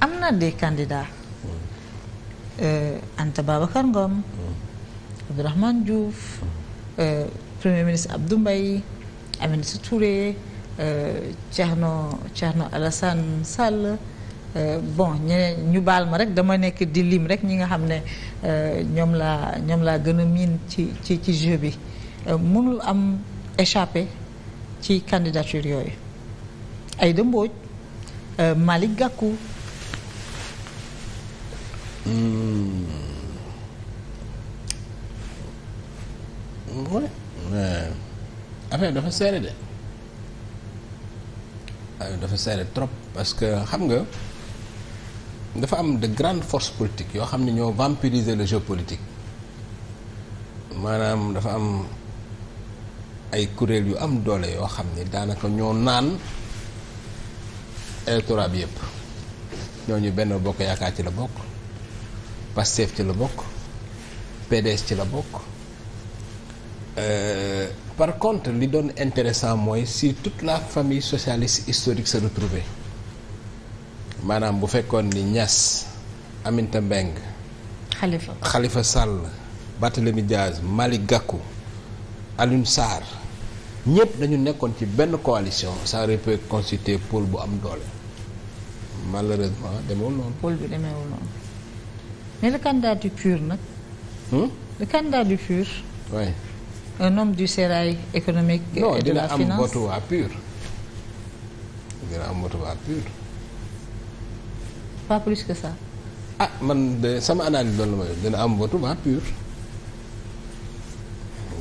am na des candidats euh, Anta Babacar Ngom Abdourahmane Diouf euh, premier ministre Abdou Mbaye Aminata Touré euh, Thierno Thierno Alassane Sall bon ñeneen ñu baal ma rek dama nekk di lim rek ñi nga xam ne ñoom laa ñoom laa gën a miin ci ci ci jeu bi mënul am échappé ci candidature yooyu Aïda Mbodj Malick Gakou Hmm. Eh, affaire dafa serré de dafa serré trop parce que xam nga dafa am de grandes force politiques yoo xam ne ñoo vampiriser le jeu politique maanaam dafa am ay kuréel yu am doole yoo xam ne daanaka ñoo naan électorat bi yëpp ñooñu benn bokk yaakaar ci la bokk Pastef ci la bokk PDS ci la bokk euh, par contre li doon intéressant mooy si tout la famille socialiste historique se retrouvait maanaam bu fekkoon ni ñas Aminata mbeng xalifa Khalifa Sall Barthélémy Diaz Malick Gakou Alioune Sarr ñëpp dañu nekkoon ci benn coalition ça aurait pu constituer pôle bu am doole malheureusement demewul noonu mais le candidat du PUR nag. Hmm? le candidat du PUR. oui. un homme du sérail économique. Ah, dina am vote waa PUR. dina am vote waa PUR. man de sama analyse loolu la am vote waa PUR.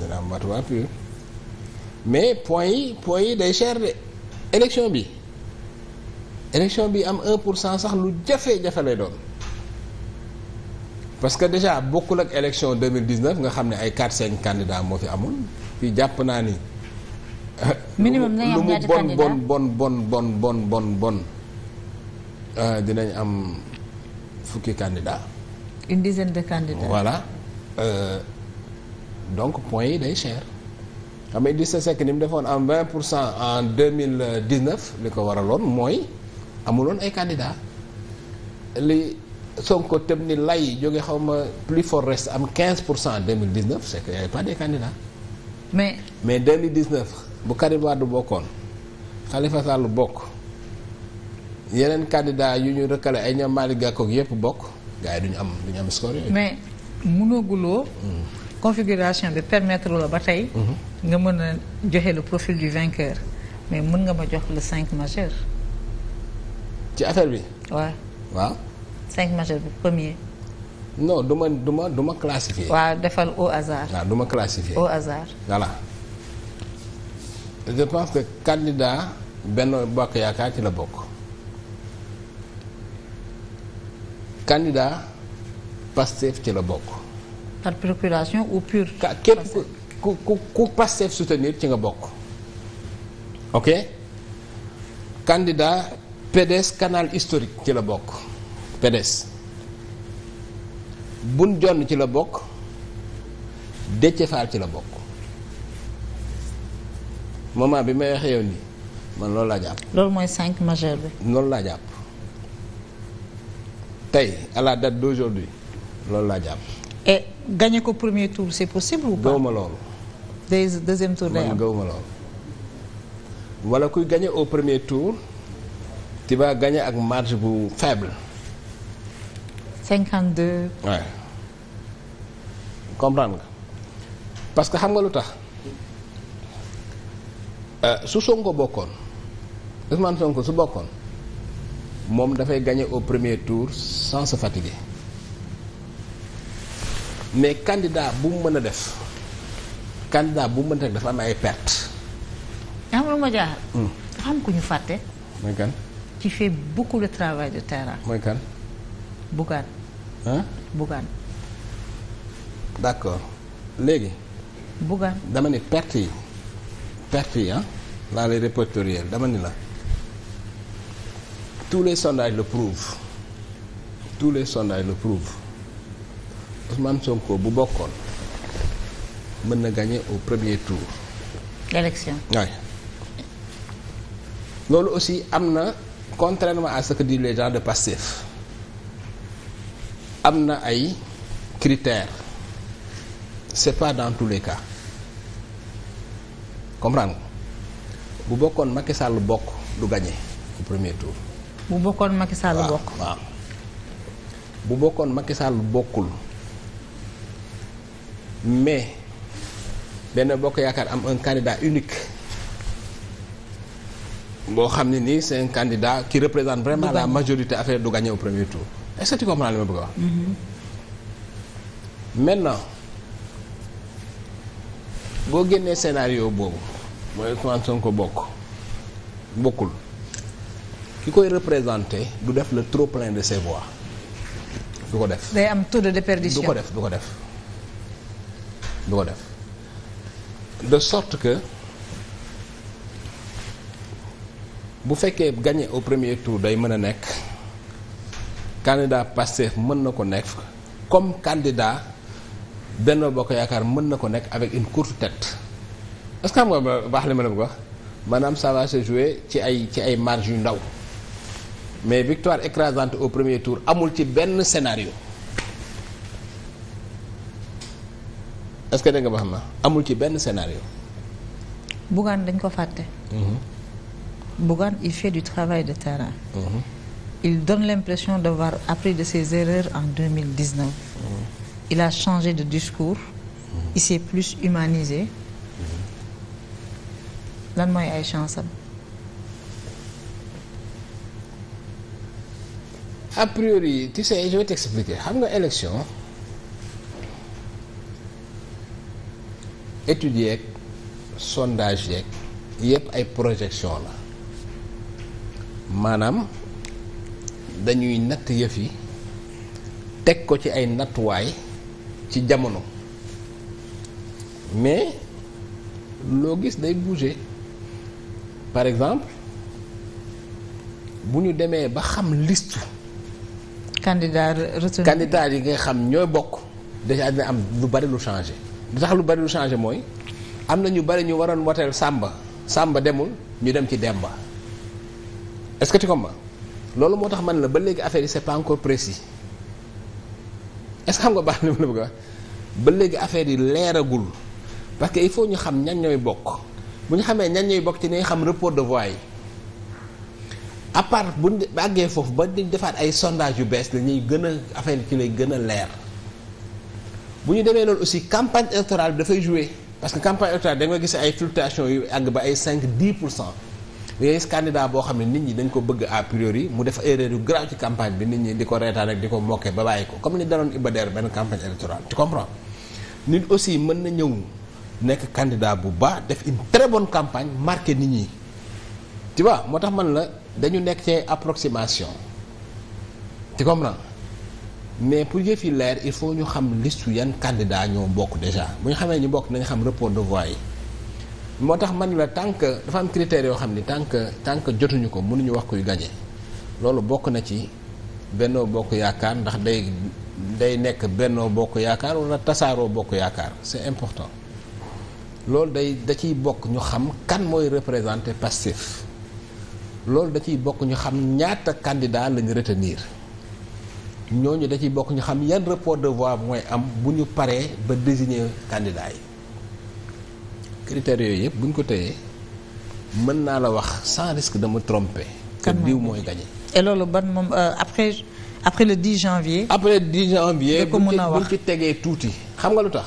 dina am mais points yi points yi day cher de élection bi élection bi am 1 pour cent sax lu jafe-jafe lay doon. parce que déjà bokkul ak élection 2019 nga xam ne ay 4 5 candidats moo fi amul fii jàpp naa ni. Euh, minimum nañ am ñaata candidat bon bon bon bon bon bon bon euh, dinañ am fukki candidats. une dizaine voilà. Euh, donc points yi day cher. xam nga Idrissa Seck ni mu defoon en 20 pour cent en 2019 li ko waraloon mooy amuloon ay candidats Sonko tëm ni lay jóge xaw ma plus fort am quinze pour cent en 2019 c' est que y' avait pas des candidats. mais mais 2019 bu Karim du bokkoon Khalifa Sall bokk yeneen candidats yu ñu recalé ay ñoom Malick Gakou yëpp bokk gars yi du am du ñu am score yooyu. mais mënaguloo. Hmm. configuration bi permettre la ba tey. Hmm. nga mën a joxe le profil du vainqueur mais mën nga ma jox le cinq majeur. ci affaire bi. waaw waaw. cinq majeur bu premier. non du ma du du ma classifier. waaw defal au hasard. waaw du ma classifier au hasard. voilà je pense que candidat Benno Bokk Yaakaar ci la bokk. candidat Pastef ci la bokk. par procuration ou ci nga bokk. ok. candidat PDS canal historique ci la bokk. PDS Boun jonn ci la bokk Déthié Fall ci la bokk moment bi may waxee yow nii man loolu laa jàpp. loolu mooy cinq majeur bi. loolu laa jàpp tey à la date d'aujourd'hui loolu laa jàpp. et ko premier tour c'est possible ou pas. gawuma loolu. deuxi deuxième tour man gawuma loolu. wala kuy gagner au premier tour tu vas ak marge bu faible. 52. waaw comprendre nga parce que xam nga lu tax euh, su Sonko bokkoon Ousmane Sonko su bokkoon moom dafay gañe au premier tour sans se fatiguer mais candidat bu mu mën a def candidat bu mu mën a def dafa am ay perte xam lu ma jaaxal. xam hmm. ku ñu fàtte. mooy kan. ci fait beaucoup de travail de terrain. mooy kan. Bougane. Bougane d'accord léegi. Bougane dama ni perte yi perte yi ah laa lay répertorier dama ni la tous les sondages le prouvent tous les sondages le prouvent Ousmane Sonko bu bokkoon mën na gagner au premier tour. élection waay loolu aussi am na contrairement à ce que disent les gens de Pastef. am na ay critères c'est pas dans tous les cas comprendre bu bokkoon Macky Sall bokk du gagné au premier tour. bu bokkoon Macky Sall bokkoon Macky bokkul mais benn bokk yaakaar am un candidat unique boo xam ne nii c'est un candidat qui représente vraiment la majorité affaire du gagné au premier tour. est-ce que tu ma bëgg a wax. Mm-hmm. maintenant boo génnee scénario boobu mooy Ousmane Sonko bokk bokkul ki koy représenté du def le trop plein de ses voix du ko def. day am taux de du ko def du ko def def de sort que. bu fekkee gagné au premier tour day mën a nekk candidat Pastef mën na ko nekk comme candidat benn Bokk Yaakaar mën na ko nekk avec une courte tête est-ce xam nga baax li ma la bëgg wax maanaam ça va se jouer ci ay ci ay marge yu ndaw mais victoire écrasante au premier tour amul ci benn scénario est-ce que dégg nga na amul ci benn scénario. Bougane dañ ko fàtte. Mhm. Bougane il fait du travail de terrain. Mhm. il donne l'impression d'avoir appris de ses erreurs en 2019. Mmh. Il a changé de discours, mmh. il s'est plus humanisé. lan mooy ay chance am. a priori tu sais je vais t'expliquer nga élection étudier sondage yeeg yëpp ay projection la maanaam. dañuy natt yëf yi teg ko ci ay nattuwaay ci jamono mais loo gis day bouger par exemple bu ñu demee ba xam liste. candidat retenu yi ngay xam ñooy bokk déjà am lu bari lu changé. li lu bari lu changé mooy am na ñu bari ñu waroon woteel sàmba sàmba demul ñu dem ci Demba est que tu loolu moo tax man la ba léegi affaire yi c'est pas encore précis est-ce xam nga baax li ma la bëgg ba léegi affaire yi leeragul parce que il faut ñu xam ñañ ñooy bokk bu ñu xamee ñañ ñooy bokk ci nañ xam report de voix yi à part bu ñu àggee foofu ba di defaat ay sondage yu bees la ñuy gën a affaire ci lay gën a leer bu ñu demee noonu aussi campagne électorale dafay jouer parce que campagne électorale da nga gis ay fluctuations yu àgg ba ay 5 10 pour cent. da ngay boo xam ne nit ñi dañ ko bëgg a priori mu def erreur yu grave ci campagne bi nit ñi di ko reetaan rek di ko mokkee ba bàyyi ko comme ni daloon Iba Der benn campagne électorale tu comprends nit aussi mën na ñëw nekk candidat bu baax def une très bon campagne marqué nit ñi tu moo tax man la dañu nekk ci approximation tu comprends mais pour yëf yi leer il faut ñu xam listu yan candidat ñoo bokk déjà bu ñu xamee ñu bokk nañu xam rapport de voix yi moo tax man la tant que dafa am critères yoo xam ni tant tànk jotuñu ko mënuñu wax kuy gañe loolu bokk na ci bennoo bokk yaakaar ndax day day nekk bennoo bokk yaakaar wala tasaaroo bokk yaakaar c'est important loolu day da ciy bokk ñu xam kan mooy représenté Pastef loolu da ciy bokk ñu xam ñaata candidat la ñu retenir ñooñu da ciy bokk ñu xam yan rapport de voix mooy am bu ñu paree ba désigner candidat yi critères yooyu yëpp bu ñu ko téyee mën naa la wax sans risque de me tromper. que diw mooy gagné. et loolu ban moom euh, après après le 10 janvier. après le 10 janvier. bu ci tegee tuuti xam nga lu tax.